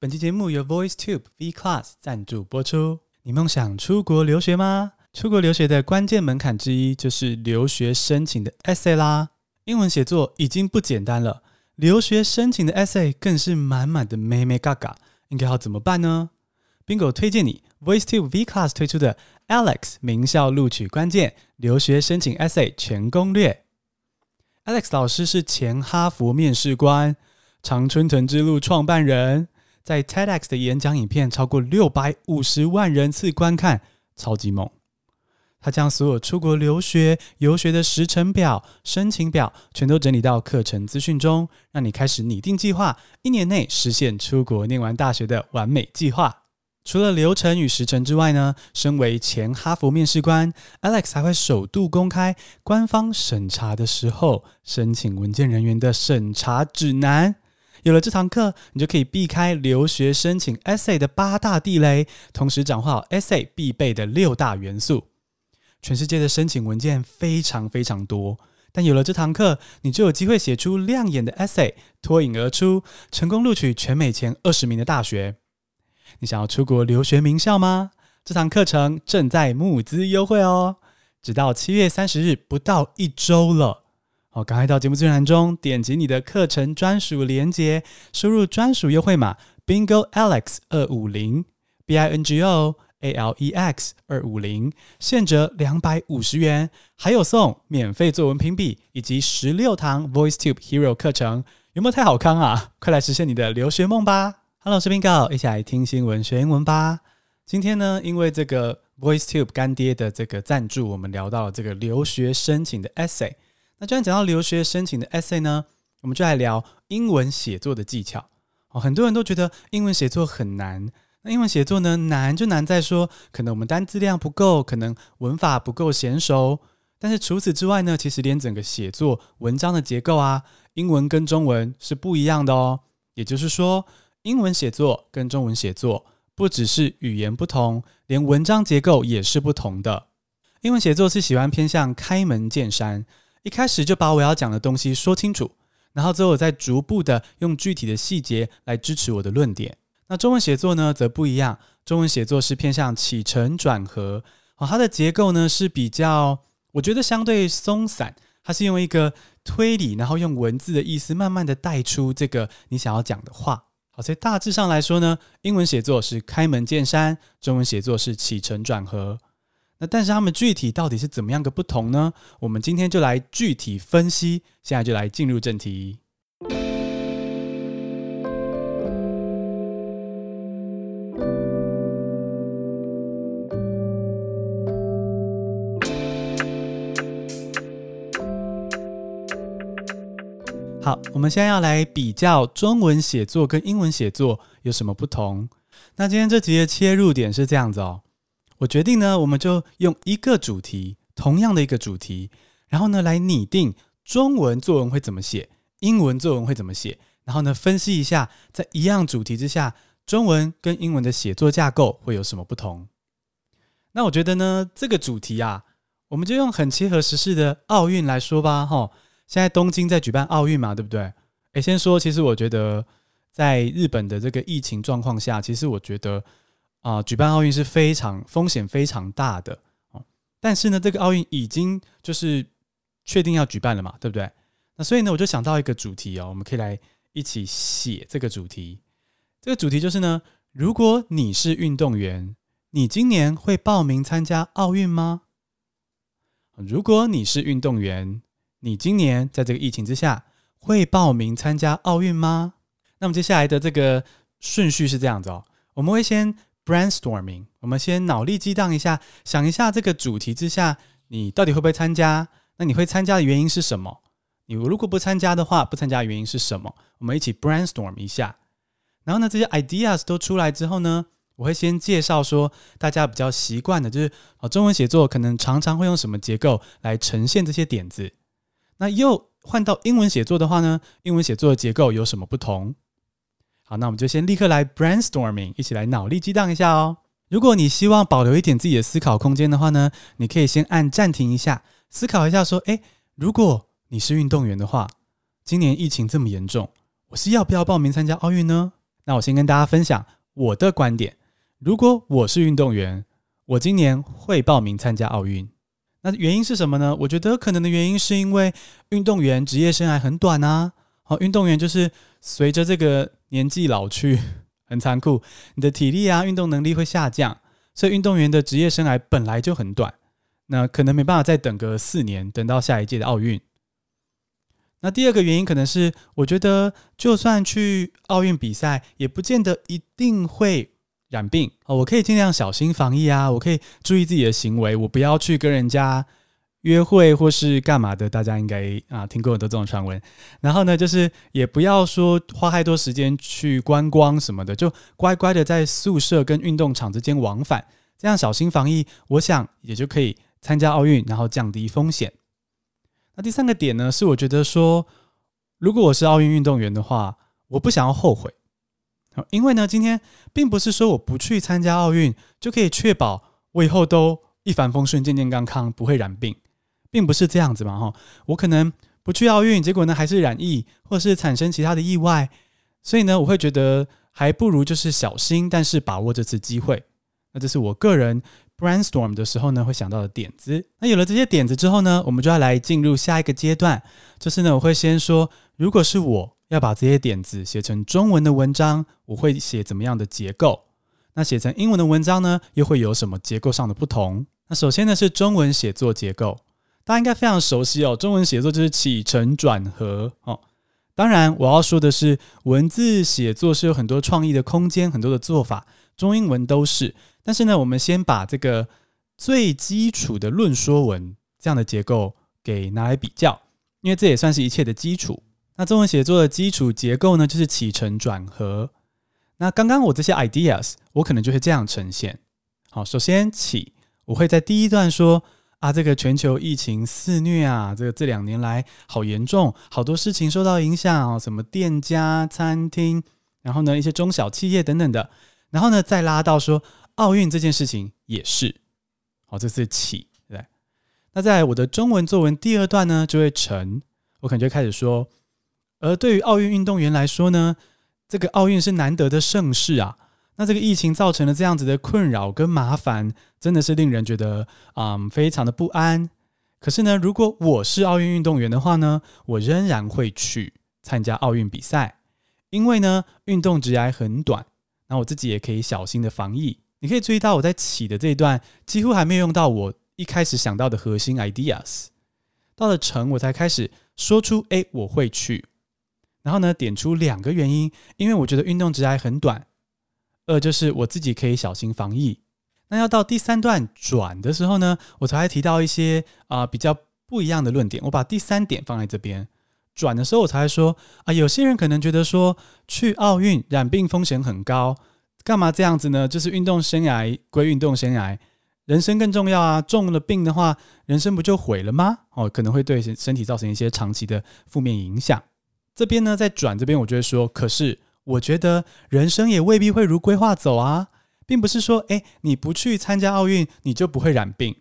本期節目由 VoiceTube V Class 贊助播出。你夢想出國留學嗎？出國留學的關鍵門檻之一就是留學申請的 essay 啦。英文寫作已經不簡單了，留學申請的 essay 更是滿滿的眉眉角角。應該要怎麼辦呢？Bingo 推薦你 VoiceTube V Class 推出的 Alex 名校錄取關鍵留學申請 essay 全攻略。Alex 老師是前哈佛面試官，常春藤之路創辦人。在 TEDx 的演講影片超過六百五十萬人次觀看，超級猛！他將所有出國留學、遊學的時程表、申請表全都整理到課程資訊中，讓你開始擬定計劃，一年內實現出國念完大學的完美計劃。除了流程與時程之外呢，身為前哈佛面試官 Alex 還會首度公開官方審查的時候申請文件人員的審查指南。有了這堂課，你就可以避開留學申請 essay 的八大地雷，同時掌握好 essay 必備的六大元素。全世界的申請文件非常非常多，但有了這堂課，你就有機會寫出亮眼的 essay，脫穎而出，成功錄取全美前二十名的大學。你想要出國留學名校嗎？這堂課程正在募資優惠哦，直到七月三十日，不到一週了。我、哦、趕快到節目資源欄中，點擊你的課程專屬鏈接，輸入專屬優惠碼 Bingo Alex 二五零 B I N G O A L E X 二五零，現折兩百五十元，還有送免費作文評比以及十六堂 VoiceTube Hero 課程，有沒有太好康啊？快來實現你的留學夢吧！Hello，我是 Bingo，一起來聽新聞學英文吧。今天呢，因為這個 VoiceTube 乾爹的這個贊助，我們聊到了這個留學申請的 essay。那既然講到留學申請的 Essay 呢，我們就來聊英文寫作的技巧哦。很多人都覺得英文寫作很難，那英文寫作呢難就難在說，可能我們單字量不夠，可能文法不夠嫻熟。但是除此之外呢，其實連整個寫作文章的結構啊，英文跟中文是不一樣的哦。也就是說，英文寫作跟中文寫作不只是語言不同，連文章結構也是不同的。英文寫作是喜歡偏向開門見山。一開始就把我要講的東西說清楚，然後最後再逐步的用具體的細節來支持我的論點。那中文寫作呢，則不一樣，中文寫作是偏向起承轉合，好、哦，它的結構呢是比較，我覺得相對鬆散，它是用一個推理，然後用文字的意思慢慢的帶出這個你想要講的話。好，所以大致上來說呢，英文寫作是開門見山，中文寫作是起承轉合。那但是他們具體到底是怎麼樣個不同呢？我們今天就來具體分析，現在就來進入正題。好，我們現在要來比較中文寫作跟英文寫作有什麼不同。那今天這集的切入點是這樣子哦。我決定呢，我們就用一個主題，同樣的一個主題，然後呢，來擬定中文作文會怎麼寫，英文作文會怎麼寫，然後呢，分析一下在一樣主題之下，中文跟英文的寫作架構會有什麼不同。那我覺得呢，這個主題啊，我們就用很切合時事的奧運來說吧，哈，現在東京在舉辦奧運嘛，對不對？誒，先說，其實我覺得在日本的這個疫情狀況下，其實我覺得。啊、呃，舉辦奧運是非常風險非常大的，但是呢，這個奧運已經就是確定要舉辦了嘛，對不對？那所以呢，我就想到一個主題哦，我們可以來一起寫這個主題。這個主題就是呢，如果你是運動員，你今年會報名參加奧運嗎？如果你是運動員，你今年在這個疫情之下會報名參加奧運嗎？那麼接下來的這個順序是這樣子哦，我們會先。Brainstorming，我們先腦力激盪一下，想一下這個主題之下，你到底會不會參加？那你會參加的原因是什麼？你如果不參加的話，不參加的原因是什麼？我們一起 Brainstorm 一下。然後呢，這些 ideas 都出來之後呢，我會先介紹說，大家比較習慣的，就是哦，中文寫作可能常常會用什麼結構來呈現這些點子。那又換到英文寫作的話呢，英文寫作的結構有什麼不同？好，那我們就先立刻來 brainstorming，一起來腦力激盪一下哦。如果你希望保留一點自己的思考空間的話呢，你可以先按暫停一下，思考一下，說，誒，如果你是運動員的話，今年疫情這麼嚴重，我是要不要報名參加奧運呢？那我先跟大家分享我的觀點。如果我是運動員，我今年會報名參加奧運。那原因是什麼呢？我覺得可能的原因是因為運動員職業生涯很短啊。好，哦，運動員就是隨着這個年紀老去，很殘酷，你的體力啊，運動能力會下降，所以運動員的職業生涯本來就很短，那可能沒辦法再等個四年，等到下一屆的奧運。那第二個原因可能是，我覺得就算去奧運比賽，也不見得一定會染病哦，我可以儘量小心防疫啊，我可以注意自己的行為，我不要去跟人家。約會或是幹嘛的，大家應該啊聽過很多這種傳聞。然後呢，就是也不要說花太多時間去觀光什麼的，就乖乖的在宿舍跟運動場之間往返，這樣小心防疫，我想也就可以參加奧運，然後降低風險。那第三個點呢，是我覺得說，如果我是奧運運動員的話，我不想要後悔。因為呢，今天並不是說我不去參加奧運就可以確保我以後都一帆風順、健健康康，不會染病。並不是這樣子嘛，哈，我可能不去奧運，結果呢還是染疫，或是產生其他的意外，所以呢，我會覺得還不如就是小心，但是把握這次機會。那這是我個人 brainstorm 的時候呢，會想到的點子。那有了這些點子之後呢，我們就要來進入下一個階段。就是呢，我會先說，如果是我要把這些點子寫成中文的文章，我會寫怎麼樣的結構？那寫成英文的文章呢，又會有什麼結構上的不同？那首先呢，是中文寫作結構。大家應該非常熟悉哦，中文寫作就是起承轉合哦。當然，我要說的是，文字寫作是有很多創意的空間，很多的做法，中英文都是。但是呢，我們先把這個最基礎的論說文這樣的結構給拿來比較，因為這也算是一切的基礎。那中文寫作的基礎結構呢，就是起承轉合。那剛剛我這些 ideas，我可能就會這樣呈現。好、哦，首先，起，我會在第一段說。啊，這個全球疫情肆虐啊，這個這兩年來好嚴重，好多事情受到影響啊，什麼店家、餐廳，然後呢，一些中小企業等等的，然後呢，再拉到說奧運這件事情也是，好、哦，這是起，對。那在我的中文作文第二段呢，就會承，我可能就開始說，而對於奧運運動員來說呢，這個奧運是難得的盛事啊。那這個疫情造成了這樣子的困擾跟麻煩，真的是令人覺得啊、嗯，非常的不安。可是呢，如果我是奧運運動員的話呢，我仍然會去參加奧運比賽，因為呢，運動職涯很短，那我自己也可以小心的防疫。你可以注意到我在起的這一段幾乎還沒有用到我一開始想到的核心 ideas，到了承我才開始說出“哎，我會去”，然後呢，點出兩個原因，因為我覺得運動職涯很短。呃，就是我自己可以小心防疫。那要到第三段轉的時候呢，我才會提到一些啊、呃、比較不一樣的論點。我把第三點放在這邊轉的時候，我才會說啊，有些人可能覺得說去奧運染病風險很高，幹嘛這樣子呢？就是運動生涯歸運動生涯，人生更重要啊。中了病的話，人生不就毀了嗎？哦，可能會對身身體造成一些長期的負面影響。這邊呢，在轉這邊，我就會說，可是。我覺得人生也未必會如規劃走啊，並不是說，哎，你不去參加奧運，你就不會染病。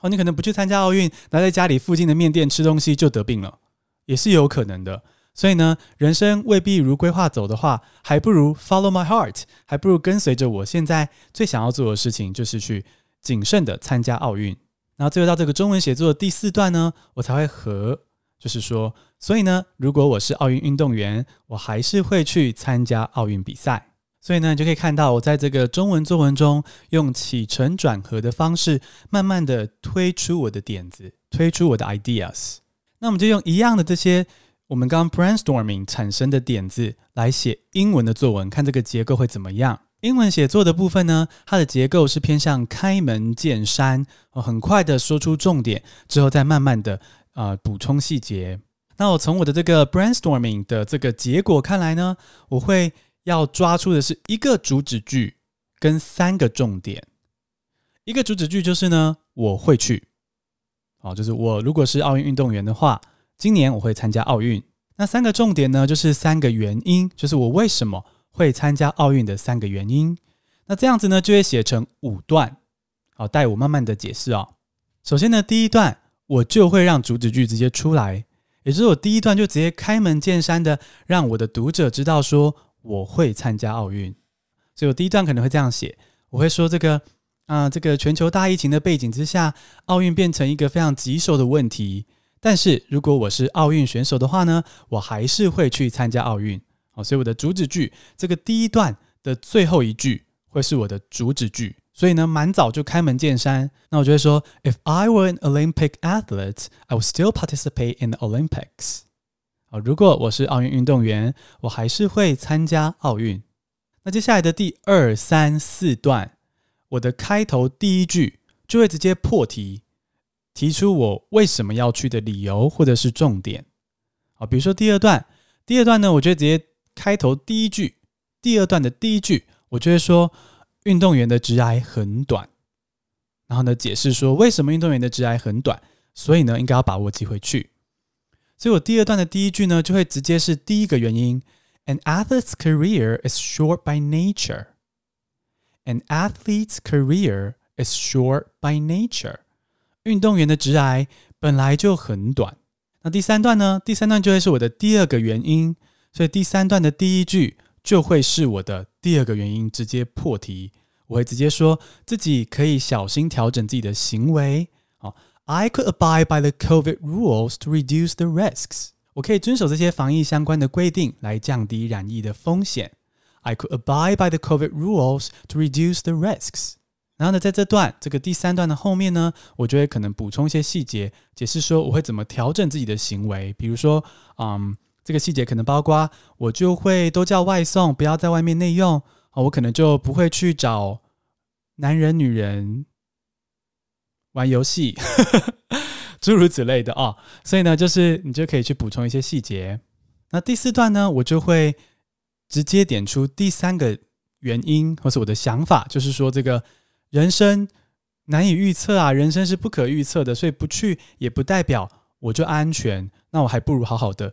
哦，你可能不去參加奧運，那在家裡附近的麵店吃東西就得病了，也是有可能的。所以呢，人生未必如規劃走的話，還不如 follow my heart，還不如跟隨着我現在最想要做的事情，就是去謹慎地參加奧運。然後最後到這個中文寫作的第四段呢，我才會和。就是說，所以呢，如果我是奧運運動員，我還是會去參加奧運比賽。所以呢，你就可以看到我在這個中文作文中用起承轉合的方式，慢慢的推出我的點子，推出我的 ideas。那我們就用一樣的這些我們剛剛 brainstorming 產生的點子來寫英文的作文，看這個結構會怎麼樣。英文寫作的部分呢，它的結構是偏向開門見山，我很快的說出重點，之後再慢慢的。啊、呃，補充細節。那我從我的這個 brainstorming 的這個結果看來呢，我會要抓出的是一個主旨句跟三個重點。一個主旨句就是呢，我會去。哦，就是我如果是奧運運動員的話，今年我會參加奧運。那三個重點呢，就是三個原因，就是我為什麼會參加奧運的三個原因。那這樣子呢，就會寫成五段。好，待我慢慢的解釋哦。首先呢，第一段。我就會讓主旨句直接出來，也就是我第一段就直接開門見山的讓我的讀者知道說我會參加奧運，所以我第一段可能會這樣寫，我會說這個啊、呃、這個全球大疫情的背景之下，奧運變成一個非常棘手的問題，但是如果我是奧運選手的話呢，我還是會去參加奧運。好、哦，所以我的主旨句這個第一段的最後一句會是我的主旨句。所以呢，蠻早就開門見山。那我就會說，If I were an Olympic athlete, I would still participate in the Olympics。啊，如果我是奧運運動員，我還是會參加奧運。那接下來的第二、三、四段，我的開頭第一句就會直接破題，提出我為什麼要去的理由或者是重點。啊，比如說第二段，第二段呢，我就直接開頭第一句，第二段的第一句，我就會說。運動員的職涯很短，然後呢，解釋說為什麼運動員的職涯很短，所以呢，應該要把握機會去。所以我第二段的第一句呢，就會直接是第一個原因：An athlete's career is short by nature. An athlete's career is short by nature. 運動員的職涯本來就很短。那第三段呢？第三段就會是我的第二個原因，所以第三段的第一句。就會是我的第二個原因，直接破題。我會直接說自己可以小心調整自己的行為。好，I could abide by the COVID rules to reduce the risks。我可以遵守這些防疫相關的規定來降低染疫的風險。I could abide by the COVID rules to reduce the risks。然後呢，在這段這個第三段的後面呢，我就會可能補充一些細節，解釋說我會怎麼調整自己的行為，比如說，嗯，um。這個細節可能包括，我就會都叫外送，不要在外面內用啊、哦。我可能就不會去找男人、女人玩遊戲，呵呵諸如此類的啊、哦。所以呢，就是你就可以去補充一些細節。那第四段呢，我就會直接點出第三個原因，或是我的想法，就是說這個人生難以預測啊，人生是不可預測的，所以不去也不代表我就安全，那我還不如好好的。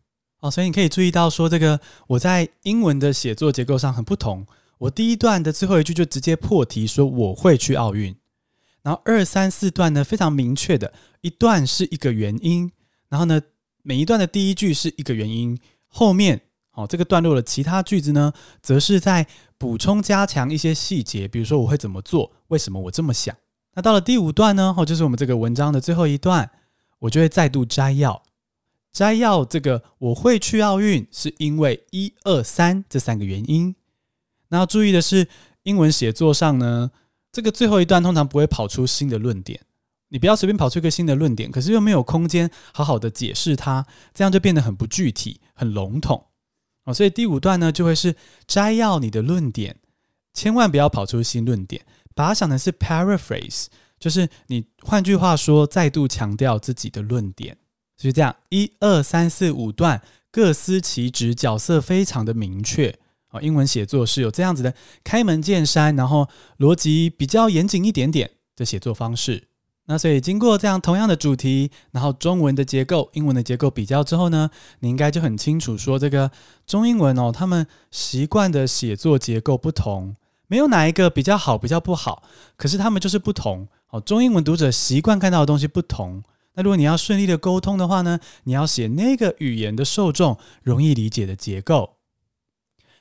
哦，所以你可以注意到說，這個我在英文的寫作結構上很不同。我第一段的最後一句就直接破題說我會去奧運，然後二三四段呢非常明確的，一段是一個原因，然後呢每一段的第一句是一個原因，後面哦這個段落的其他句子呢，則是在補充加強一些細節，比如說我會怎麼做，為什麼我這麼想。那到了第五段呢，哦就是我們這個文章的最後一段，我就會再度摘要。摘要這個我會去奧運，是因為一二三這三個原因。那要注意的是，英文寫作上呢，這個最後一段通常不會跑出新的論點。你不要隨便跑出一個新的論點，可是又沒有空間好好的解釋它，這樣就變得很不具體、很籠統啊、哦。所以第五段呢，就會是摘要你的論點，千萬不要跑出新論點。把它想的是 paraphrase，就是你換句話說，再度強調自己的論點。就是這樣，一二三四五段各司其職，角色非常的明確。哦，英文寫作是有這樣子的，開門見山，然後邏輯比較嚴謹一點點的寫作方式。那所以經過這樣同樣的主題，然後中文的結構、英文的結構比較之後呢，你應該就很清楚說，這個中英文哦，他們習慣的寫作結構不同，沒有哪一個比較好，比較不好，可是他們就是不同。哦，中英文讀者習慣看到的東西不同。那如果你要順利的溝通的話呢，你要寫那個語言的受眾容易理解的結構。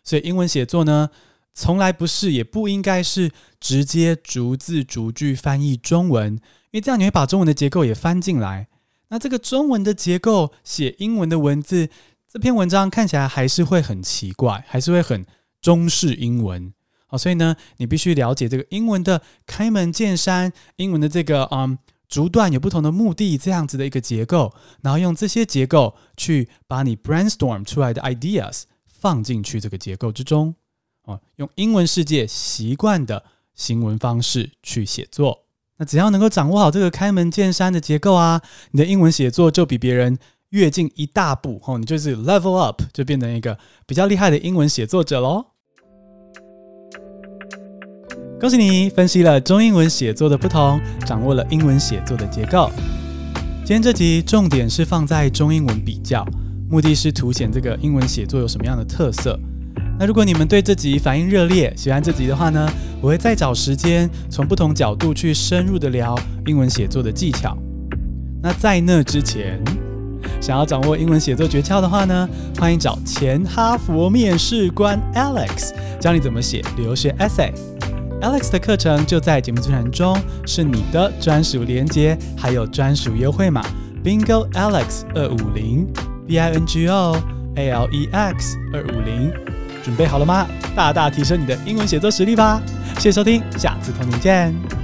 所以英文寫作呢，從來不是也不應該是直接逐字逐句翻譯中文，因為這樣你會把中文的結構也翻進來。那這個中文的結構寫英文的文字，這篇文章看起來還是會很奇怪，還是會很中式英文。好，所以呢，你必須了解這個英文的開門見山，英文的這個啊。Um, 逐段有不同的目的，這樣子的一個結構，然後用這些結構去把你 brainstorm 出來的 ideas 放進去這個結構之中，哦，用英文世界習慣的行文方式去寫作。那只要能夠掌握好這個開門見山的結構啊，你的英文寫作就比別人躍進一大步，哦，你就是 level up，就變成一個比較厲害的英文寫作者嘍。恭喜你分析了中英文寫作的不同，掌握了英文寫作的結構。今天這集重點是放在中英文比較，目的是凸顯這個英文寫作有什麼樣的特色。那如果你們對這集反應熱烈，喜歡這集的話呢，我會再找時間從不同角度去深入的聊英文寫作的技巧。那在那之前，想要掌握英文寫作訣竅的話呢，歡迎找前哈佛面試官 Alex 教你怎麼寫留學 essay。Alex 的課程就在節目資源中，是你的專屬連結，還有專屬優惠碼，Bingo Alex 二五零，B I N G O A L E X 二五零，準備好了嗎？大大提升你的英文寫作實力吧！謝謝收聽，下次同你見。